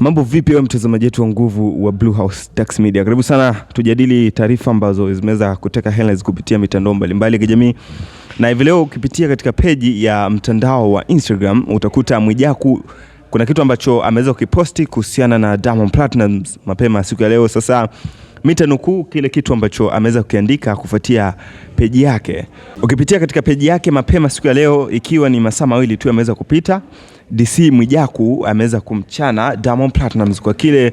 Mambo vipi wewe mtazamaji wetu wa nguvu wa Blue House Dax Media. Karibu sana tujadili taarifa ambazo zimeweza kuteka headlines kupitia mitandao mbalimbali ya kijamii. Na hivi leo ukipitia katika peji ya mtandao wa Instagram utakuta Mwijaku kuna kitu ambacho ameweza kukiposti kuhusiana na Diamond Platnumz mapema siku ya leo. Sasa mitanukuu kile kitu ambacho ameweza kukiandika kufuatia peji yake. Ukipitia katika peji yake mapema siku ya leo, ikiwa ni masaa mawili tu ameweza kupita DC Mwijaku ameweza kumchana Diamond Platnumz kwa kile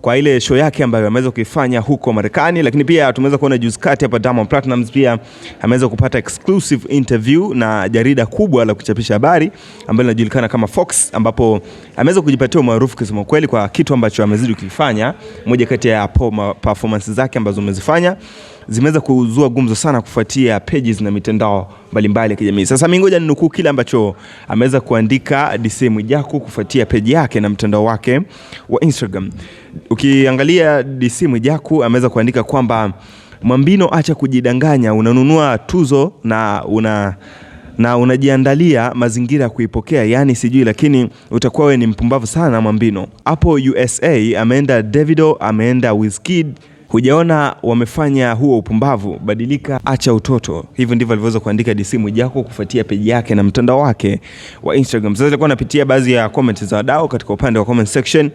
kwa ile show yake ambayo ameweza kuifanya huko Marekani, lakini pia tumeweza kuona juzi kati hapa Diamond Platnumz pia ameweza kupata exclusive interview na jarida kubwa la kuchapisha habari ambalo linajulikana kama Fox, ambapo ameweza kujipatia umaarufu kusema kweli kwa kitu ambacho amezidi kukifanya, moja kati ya performance zake ambazo amezifanya zimeweza kuzua gumzo sana kufuatia pages na mitandao mbalimbali ya kijamii. Sasa mimi ngoja ninukuu kile ambacho ameweza kuandika DC Mwijaku kufuatia peji yake na mtandao wake wa Instagram. Ukiangalia DC Mwijaku ameweza kuandika kwamba Mwambino, acha kujidanganya, unanunua tuzo na una na unajiandalia mazingira ya kuipokea, yaani sijui, lakini utakuwa wewe ni mpumbavu sana Mwambino. Hapo USA ameenda Davido, ameenda Wizkid Hujaona wamefanya huo upumbavu, badilika, acha utoto. Hivyo ndivyo alivyoweza kuandika DC Mwijako kufuatia peji yake na mtandao wake wa Instagram. Sasa alikuwa anapitia baadhi ya comments za wadau katika upande wa comment section.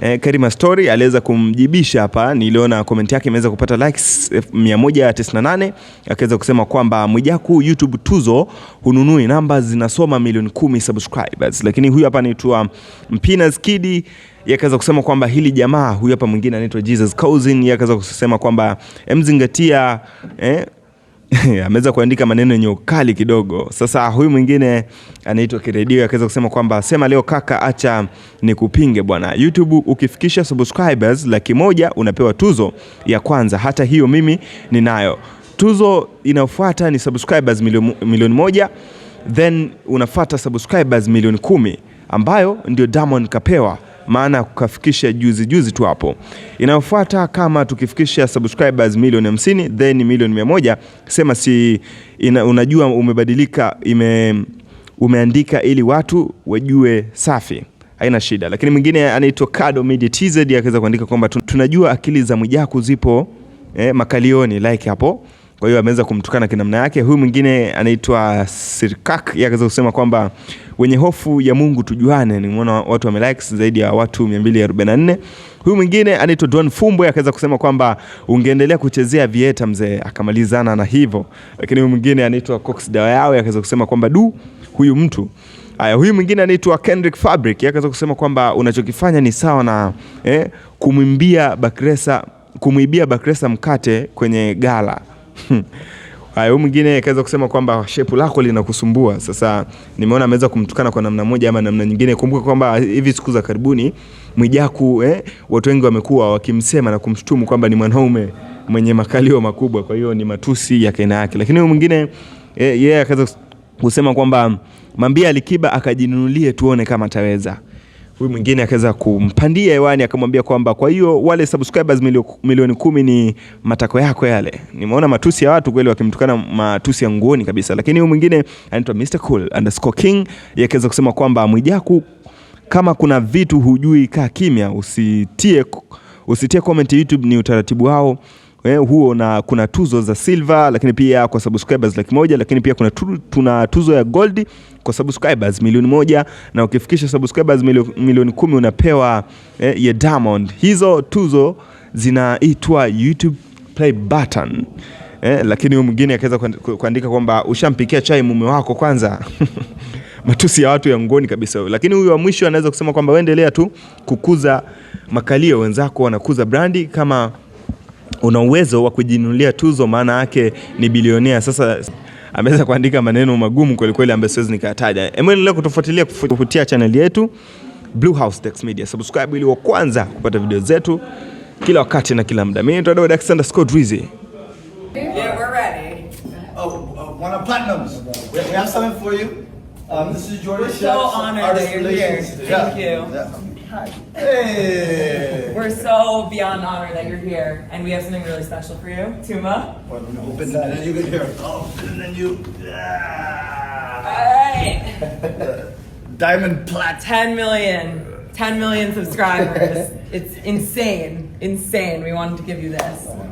Eh, Karima Story aliweza kumjibisha hapa, niliona comment yake imeweza kupata likes 198, eh, akaweza kusema kwamba Mwijaku YouTube tuzo hununui namba zinasoma milioni kumi subscribers. Lakini huyu hapa anaitwa Mpinas Kidi yakaweza kusema kwamba hili jamaa huyu hapa mwingine anaitwa Jesus Cousin, yakaweza kusema kwamba emzingatia eh, ameweza kuandika maneno yenye ukali kidogo. Sasa huyu mwingine anaitwa Kiredio yakaweza kusema kwamba sema leo kaka, acha nikupinge bwana. YouTube ukifikisha subscribers laki moja unapewa tuzo ya kwanza. Hata hiyo mimi ninayo. Tuzo inayofuata ni subscribers milioni, moja then unafuata subscribers milioni kumi ambayo ndio Diamond kapewa maana kukafikisha juzi juzi tu hapo. Inayofuata kama tukifikisha subscribers milioni 50 then milioni 100, sema si ina, unajua umebadilika ime, umeandika ili watu wajue safi haina shida. Lakini mwingine anaitwa Kado Media TZ akaweza kuandika kwamba tunajua akili za Mwijaku zipo eh, makalioni like hapo kwa hiyo ameweza kumtukana kinamna yake. Huyu mwingine anaitwa Sirkak, yeye akaweza kusema kwamba wenye hofu ya Mungu tujuane. Nimeona watu wame likes zaidi ya watu 244. Huyu mwingine anaitwa Don Fumbo, yeye akaweza kusema kwamba ungeendelea kuchezea vieta mzee, akamalizana na hivyo. Lakini huyu mwingine anaitwa Cox Dawa yao, yeye akaweza kusema kwamba du, huyu mtu Aya, huyu mwingine anaitwa Kendrick Fabric yakaweza kusema kwamba unachokifanya ni sawa na eh, kumwimbia Bakresa kumwibia Bakresa mkate kwenye gala. Hayo mwingine akaweza kusema kwamba shepu lako linakusumbua. Sasa nimeona ameweza kumtukana kwa namna moja ama namna nyingine. Kumbuka kwamba hivi siku za karibuni Mwijaku eh, watu wengi wamekuwa wakimsema na kumshutumu kwamba ni mwanaume mwenye makalio makubwa, kwa hiyo ni matusi ya kaina yake. Lakini huyo mwingine eh, yeye yeah, akaweza kusema kwamba mambia Alikiba akajinunulie tuone kama ataweza Huyu mwingine akaweza kumpandia hewani akamwambia kwamba kwa hiyo wale subscribers milioni kumi ni matako yako yale. Nimeona matusi ya watu kweli wakimtukana matusi ya nguoni kabisa, lakini huyu mwingine anaitwa Mr Cool underscore King, yeye akaweza kusema kwamba Mwijaku, kama kuna vitu hujui, kaa kimya, usitie usitie comment. YouTube ni utaratibu wao eh, huo na kuna tuzo za silver, lakini pia kwa subscribers laki moja, lakini pia kuna tu, tuna tuzo ya gold kwa subscribers milioni moja, na ukifikisha subscribers milioni kumi unapewa eh, ya diamond. Hizo tuzo zinaitwa YouTube play button. Eh, lakini huyu mwingine akaweza kuandika kwamba ushampikia chai mume wako kwanza. Matusi ya watu ya ngoni kabisa huyo. Lakini huyu wa mwisho anaweza kusema kwamba waendelea tu kukuza makalio, wenzako wanakuza brandi kama una uwezo wa kujinunulia tuzo, maana yake ni bilionea. Sasa ameweza kuandika maneno magumu kweli kweli ambayo siwezi nikayataja. Hebu endelea kutufuatilia kupitia channel yetu Blue House Dax Media, subscribe ili wa kwanza kupata video zetu kila wakati na kila muda. Mimi ndio Dax underscore Drizzy. Yeah, we're ready. Oh, oh, one of platinums. We have something for you. Um, this is Jordan. We're so honored that you're here. Thank yeah. you. Yeah. Hey. We're so beyond honored that you're here, and we have something really special for you, Tuma. Well, no, open that, and you can hear. Open and you. Ah! All right. Diamond plat. Ten million. Ten million subscribers. it's insane. Insane. We wanted to give you this. Wow.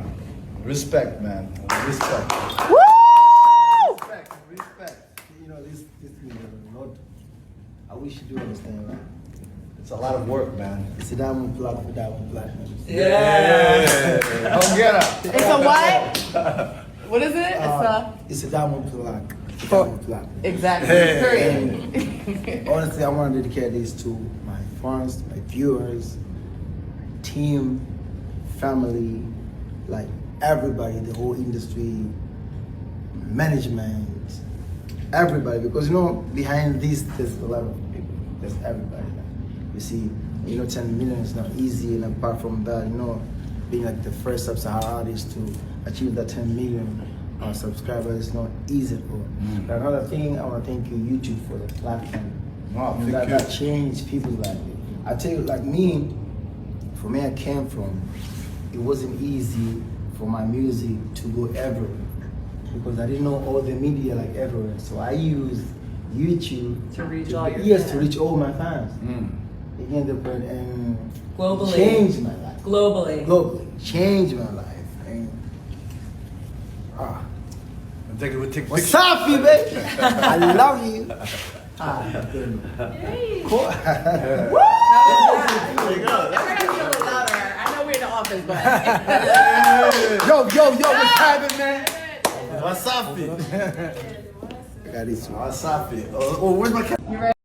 Respect, man. Respect. Woo! Respect. Respect. You know, this, this, you not, I wish you do understand, man. It's a lot of work, man. It's a diamond plug for diamond platinum. Yeah. Come get up. It's a what? What is it? It's Uh, a it's a diamond plug. Diamond exactly. Hey. Period. Honestly, I want to dedicate this to my fans, my viewers, team, family, like everybody, the whole industry, management, everybody. Because you know, behind this, there's a lot of people. There's everybody. You see, you know, 10 million is not easy. And apart from that, you know, being like the first sub-Saharan artist to achieve that 10 million uh, subscribers is not easy. Bro. Mm. But another thing, I want to thank you, YouTube, for the platform. Wow, you know, that, that changed people like me. I tell you, like me, from where I came from, it wasn't easy for my music to go everywhere because I didn't know all the media like everywhere. So I used YouTube to reach to, all your fans. to reach all my fans. Mm began to put and globally change my life globally globally changed my life and ah. I'm taking a tick. What's up, you baby? I love you. Ah, good. Cool. Woo! There you go. That's office, but yo, yo, yo, what's ah! happening, man? Wasafi. I got these. up, Oh, oh, where's my camera?